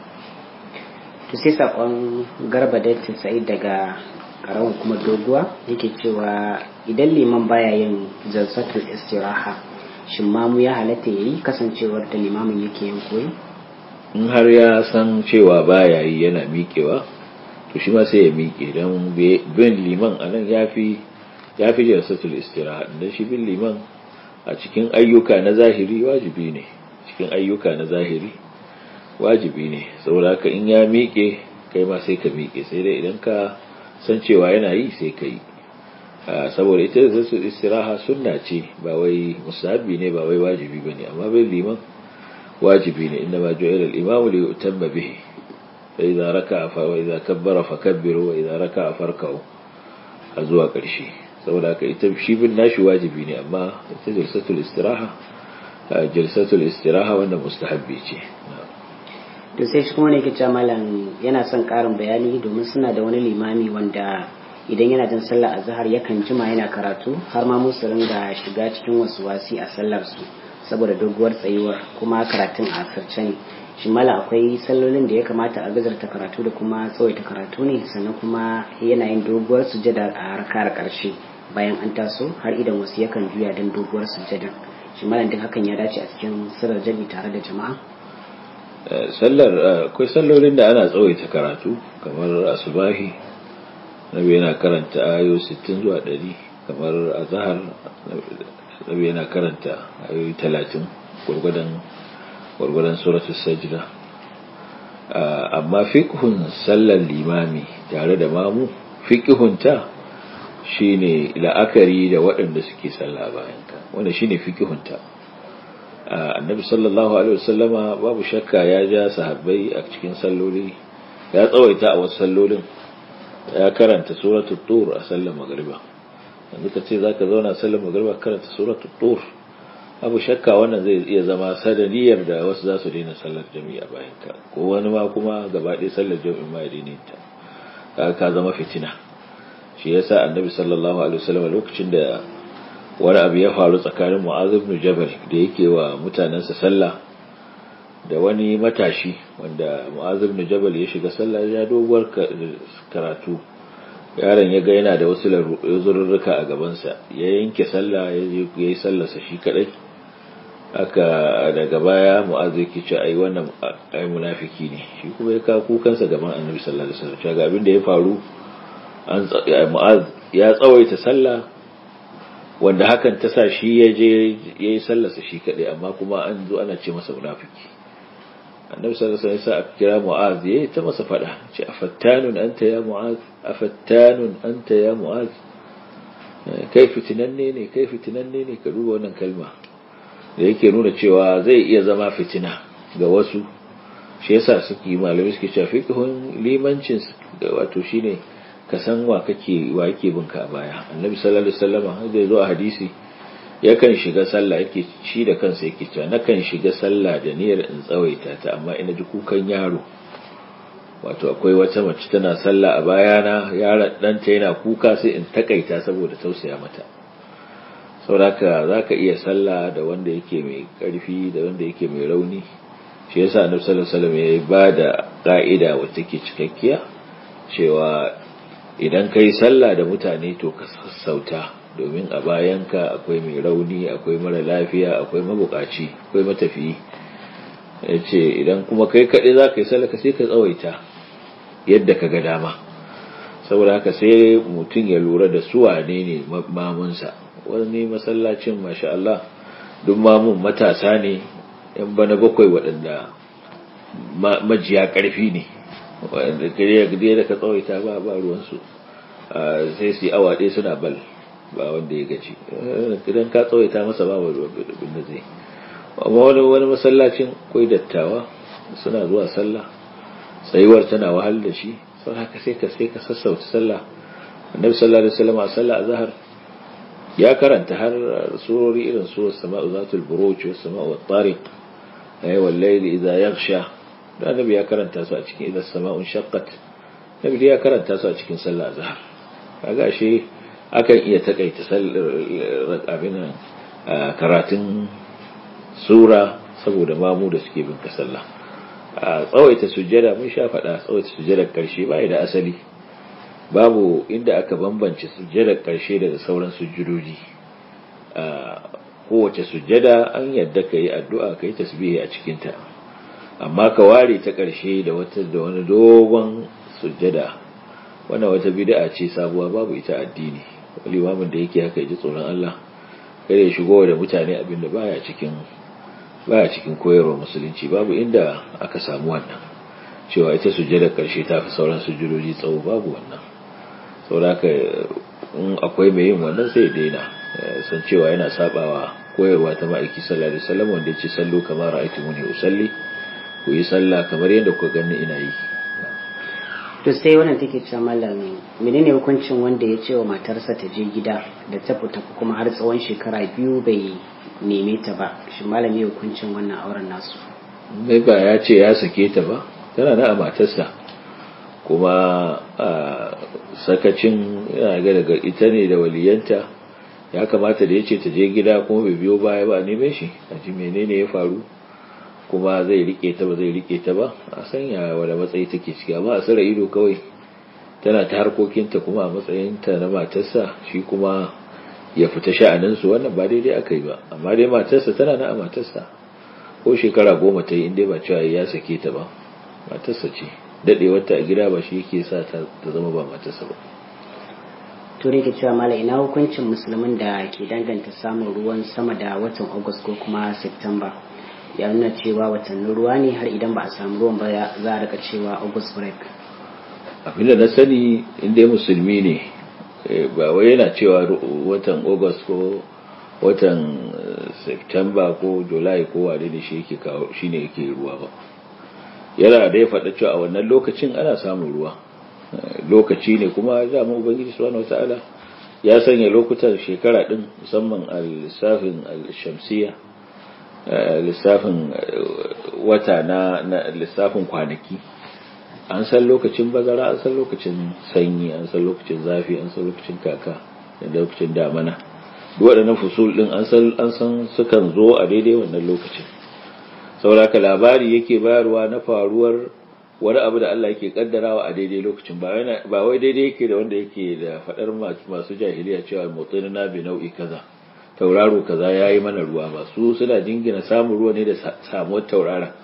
Speaker 1: to sai saƙon garba da sa'id daga karawan kuma doguwa yake cewa idan liman baya yin zansatu istiraha shin mamu ya halatta yayi kasancewar da limamin yake yin koyi
Speaker 2: in har ya san cewa baya yi yana miƙewa to shi ma sai ya miƙe don bin liman a nan ya fi jalsatul istira inda shi bin liman a cikin ayyuka na zahiri wajibi ne cikin ayyuka na zahiri wajibi ne saboda haka in ya miƙe kai ma sai ka miƙe sai dai idan ka san cewa yana yi sai ka yi saboda ita da su istiraha sunna ce ba wai musabi ne ba wai wajibi ba ne amma bai liman wajibi ne inda ma jo'ila al-imamu li yutamma bihi فإذا ركع ف... وإذا كبر فكبر وإذا ركع فركعوا أزوا قرشي saboda ka ita shi bin nashi wajibi ne amma ita jalsatul istiraha jalsatul istiraha ce
Speaker 1: to sai shi kuma ne kice malam yana son karin bayani domin suna da wani limami wanda idan yana jin sallar azhar yakan jima yana karatu har ma musu ringa shiga cikin wasu wasi a sallar su saboda doguwar tsayuwar kuma karatun a asirce ne shi mala akwai sallolin da ya kamata a gazarta karatu da kuma tsawaita karatu ne sannan kuma yanayin doguwar sujada a harkar karshe bayan an taso har idan wasu yakan juya don doguwar sujada shi mala duk hakan ya dace a cikin sallar jami tare da jama'a
Speaker 2: eh, sallar eh, akwai sallolin da ana tsawaita karatu kamar asubahi nabi yana karanta ayo 60 zuwa 100 kamar azhar nabi yana karanta ayo 30 gwargwadon gwargwaron suratul sajida ah, amma fiqhun sallar limami tare da mamu shi shine la'akari da waɗanda suke sallah bayan ka wanda shine fiqhunta ah, annabi sallallahu alaihi wasallama babu shakka ya ja sahabbai a cikin salloli ya tsawaita a wasu sallolin ya karanta suratul tur a sallar Magariba. yanzu ka ce zaka zauna sallar Magariba karanta suratul tur abu shakka wannan zai iya zama sadaniyar da wasu za su daina sallar jami'i a bayan ko wani ma kuma gaba ɗaya sallar jami'i ma ya daina ta ka zama fitina shi yasa annabi sallallahu alaihi wasallam lokacin da wani abu ya faru tsakanin mu'az ibn jabal da yake wa mutanensa sallah da wani matashi wanda mu'az ibn jabal ya shiga sallah ya doguwar karatu yaron ya ga yana da wasu zururruka a gabansa ya yanke sallah ya yi sallarsa shi kaɗai. aka daga baya mu'az yake ce ai wannan ai munafiki ne shi kuma ya ka kukansa gaban annabi sallallahu alaihi wasallam ga abin da ya faru an mu'azz ya tsawaita sallah wanda hakan ta sa shi ya je yayi sallarsa shi kadai amma kuma an zo ana ce masa munafiki annabi sallallahu alaihi wasallam ya sa kira mu'az yayi ta masa fada ce afattanun anta ya mu'az afattanun anta ya mu'azz eh, kai fitinanne ne kai fitinanne ne ka duba wannan kalma da yake nuna cewa zai iya zama fitina ga wasu shi yasa suke malami suke cewa fiqhun limancin wato shine ka san wa kake wa yake binka baya annabi sallallahu alaihi wasallam zai zo a hadisi yakan shiga sallah yake shi da kansa yake cewa kan shiga sallah da niyyar in tsawaita ta amma ina ji kukan yaro wato akwai wata mace tana sallah a bayana yaron ɗanta yana kuka sai in takaita saboda tausaya mata sauraka za ka iya sallah da wanda yake mai ƙarfi da wanda yake mai rauni shi yasa nufsar da ya ba da ƙa'ida wata ke cikakkiya cewa idan ka yi sallah da mutane to ka sassauta domin a ka akwai mai rauni akwai mara lafiya akwai mabukaci akwai matafiyi ya ce idan kuma kai kaɗai za ka yi ka sai ka tsawaita yadda ka ga dama saboda haka sai mutum ya lura da suwa ne mamansa. mamunsa wani masallacin masha Allah duk mamun matasa ne yan bana bakwai waɗanda majiya ƙarfi ne waɗanda gare da ka tsawaita ba ba ruwansu sai su yi awa ɗaya suna bal ba wanda ya gaci idan ka tsawaita masa ba wani zai amma wani wani masallacin kwai dattawa suna zuwa sallah tsayuwar tana wahal da shi sau haka sai ka sai ka sassauta sallah annabi sallallahu alaihi wasallam a sallah azhar ya karanta har surori irin surar sama'u zatul buruj wasu sama'u wat tariq ay eh, wal layl idha sha. da annabi ya karanta su a cikin idha sama'un shaqqat nabi ya karanta su a cikin sallah azhar kaga shi akan iya takaita sallar abin karatun sura saboda mamu da suke bin ka sallah tsawaita sujjada mun sha faɗa tsawaita sujjadar karshe bai da asali babu inda aka bambance sujjadar ƙarshe daga sauran sujjudoji kowace sujjada an yadda ka yi addu'a ka yi tasbihi a cikinta amma ka ware ta ƙarshe da wata da wani dogon sujjada wannan wata bid'a ce sabuwa babu ita addini limamin da yake haka ji tsoron Allah kada ya shigo da mutane abin da baya cikin baya cikin koyarwar musulunci babu inda aka samu wannan cewa ita sujjada ƙarshe ta fi sauran sujjudoji tsawo babu wannan saboda haka in akwai mai yin wannan sai daina eh, san cewa yana sabawa koyarwa ta ma'aiki sallallahu alaihi wasallam wanda yace sallu kamar muni usalli ku yi sallah kamar yadda ku ganni ina yi
Speaker 1: to sai wannan take cewa mallam menene hukuncin wanda ya ce wa matarsa ta je gida da ta fita kuma har tsawon shekara biyu bai neme ta ba shi malami hukuncin wannan auren nasu
Speaker 2: mai ba ya ce ya sake ta ba tana da a matarsa kuma ah, sakacin yana ga daga ita ne da waliyanta ya kamata da ya ce ta je gida kuma bai biyo baya ba neme shi a ji menene ya faru kuma zai rike ta ba zai rike ta ba a sanya wani matsayi take ciki amma a tsara ido kawai tana ta harkokinta kuma a matsayinta na matarsa shi kuma ya fita sha'aninsu wannan ba daidai aka yi ba amma dai matarsa tana na a matarsa ko shekara goma ta yi inda ba cewa ya sake ta ba matarsa ce dadewarta a gida ba shi yake sa ta zama ba matarsa ba
Speaker 1: to ne ke cewa mallam ina hukuncin musulmin da ke danganta samun ruwan sama da watan agus ko kuma september ya nuna cewa watan ruwa ne har idan ba a samu ruwan ba za a rika cewa agus break
Speaker 2: abin da na sani inda musulmi ne eh, ba wai yana cewa watan agus ko watan eh, september ko july ko wane ne shi ne yake ruwa ba yana da ya faɗa cewa a wannan lokacin ana samun ruwa lokaci ne kuma dama ubangiji wata ala. ya sanya lokutan shekara ɗin, musamman a eh, lissafin al-shamsiyya eh, lissafin wata na lissafin kwanaki an san lokacin bazara an san lokacin sanyi an san lokacin zafi an san lokacin kaka da lokacin damana duk waɗannan fusul ɗin an san sukan zo a daidai wannan lokacin
Speaker 1: sauraka labari
Speaker 2: yake bayarwa na faruwar wani abu da Allah yake kaddarawa a daidai lokacin ba wai daidai yake da wanda yake da fadar masu jahiliya cewa motsin na bi nau'i kaza tauraro kaza yayi mana ruwa ba su suna jingina samun ruwa ne da samuwar taurara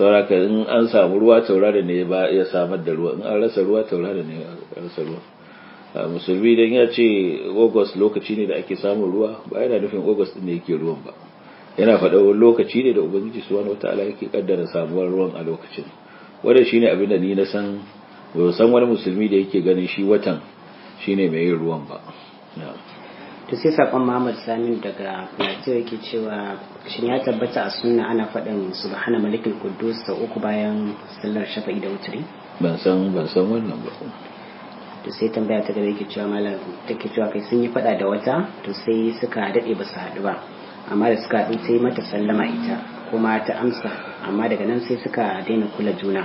Speaker 2: sauraka in an samu ruwa taurara ne ba ya samar da ruwa in an rasa ruwa taurara ne ya rasa ruwa musulmi dan ya ce august lokaci ne da ake samun ruwa ba yana nufin august din ne yake ruwan ba yana faɗa wani lokaci ne da ubangiji subhanahu wataala yake ƙaddara samuwar ruwan a lokacin wanda shine abin da ni na san wadda san wani musulmi da yake ganin shi watan shine mai yin ruwan ba
Speaker 1: ta sai saƙon Muhammad Samin daga Plateau yake cewa ne ya tabbata a sunna ana faɗin hana malikin quddus sau uku bayan sallar shafa'i da wutri ban san ban san wannan ba ta sai tambaya ta gaba yake cewa malam take cewa kai sun yi faɗa da wata to sai suka daɗe ba su haɗu ba amma da suka haɗu sai mata sallama ita kuma ta amsa amma daga nan sai suka daina kula juna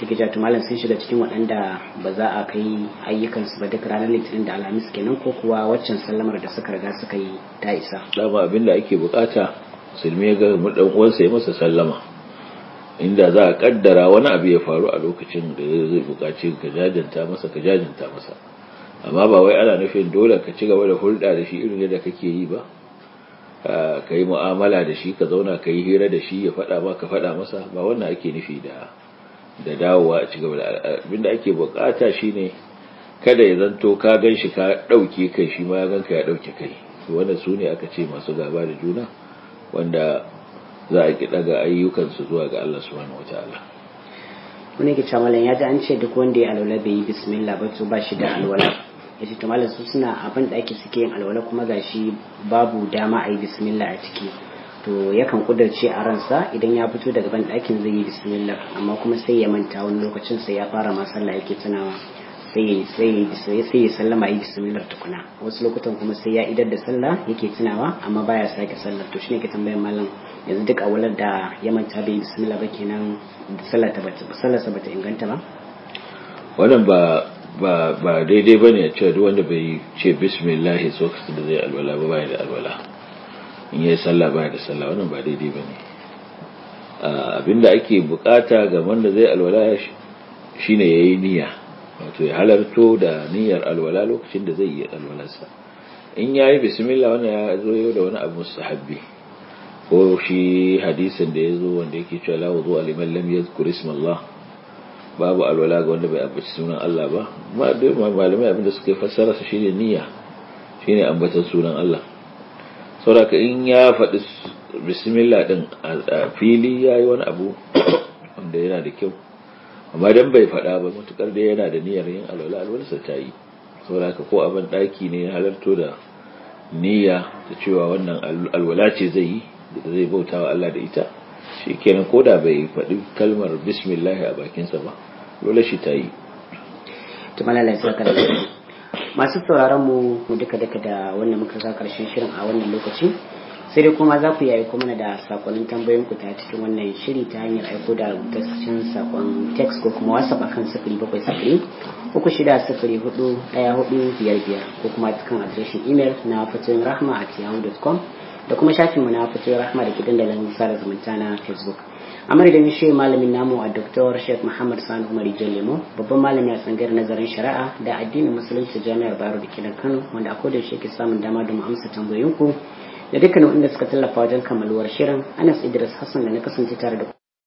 Speaker 1: take jatu malam sun shiga cikin waɗanda ba za a kai ayyukansu ba duk ranar litinin da alhamis kenan ko kuwa waccan sallamar da suka riga suka yi ta isa
Speaker 2: dama abin da ake bukata musulmi ya ga mudan uwansa ya masa sallama inda za a kaddara wani abu ya faru a lokacin da zai bukaci ka jajanta masa ka jajanta masa amma ba wai ana nufin dole ka ci gaba da hulɗa da shi irin yadda kake yi ba ka yi mu'amala da shi ka zauna ka yi hira da shi ya faɗa ba ka faɗa masa ba wannan ake nufi da da dawowa a cigaba da abinda ake bukata shine kada ya zanto ka gan shi ka ɗauke kai shi ma ya gan ka ya ɗauke kai to wannan su aka ce masu gaba da juna wanda za a ki ɗaga ayyukansu zuwa ga Allah subhanahu wataala
Speaker 1: wani ke cewa ya ji an ce duk wanda ya alwala bai yi bismillah ba to ba shi da alwala ya ce malam su suna abin da ake suke yin alwala kuma gashi babu dama a yi bismillah a ciki to yakan kudarce a ransa idan ya fito daga ban ɗakin zai yi bismillah amma kuma sai ya manta wani lokacin sai ya fara ma sallah yake tunawa sai sai ya sallama yi bismillah tukuna wasu lokutan kuma sai ya idar da sallah yake tunawa amma baya sake sallah to shine ke tambayar malam yanzu duk awalar da ya manta bai bismillah ba kenan sallah ta bata inganta ba
Speaker 2: wannan ba ba ba daidai a cewa duk wanda bai ce bismillah lokacin da zai alwala ba bai da alwala in yi sallah bai da sallah wannan ba daidai ba ne. abinda ake bukata ga wanda zai alwala shi ne ya yi niyya wato ya halarto da niyyar alwala lokacin da zai yi alwalarsa in ya yi bismillah wannan ya zo yau da wani abu sahabbi ko shi hadisin da ya zo wanda yake cewa lawo zuwa liman lam yadhkur babu alwala ga wanda bai ambaci sunan Allah ba ma dai malamai abinda suka fassara su shine niyya shine ambatan sunan Allah saboda in ya faɗi bismillah din a fili yayi wani abu [coughs] wanda yana da kyau amma dan bai faɗa ba mutukar dai yana da niyyar yin alwala alwalarsa ta yi saboda ko abin ɗaki ne halarto da niyya ta cewa wannan alwala ce zai yi da zai bautawa Allah da ita shi kenan ko da bai faɗi kalmar bismillahi a bakinsa ba dole shi ta
Speaker 1: yi masu sauraron mu duka duka da wannan muka sa karshen shirin a wannan lokaci sai dai kuma za ku yayi kuma na da sakonnin tambayoyin ku ta cikin wannan shiri ta hanyar aiko da rubutaccen sakon text ko kuma whatsapp akan sifiri bakwai sifiri uku shida sifiri hudu daya hudu biyar biyar ko kuma cikin adireshin email na fatin rahma at yahoo.com da kuma shafinmu na fitowar rahama da ke dandalin sada zumunta na facebook a madadin shi malamin namu a doktor sheikh muhammad sani umar lemo babban malami a tsangar nazarin shari'a da addinin musulunci jami'ar baro da ke kano wanda a koda yaushe ke samun dama da mu amsa tambayoyinku da dukkanin inda suka tallafa wajen kammaluwar shirin anas idris hassan da na kasance tare da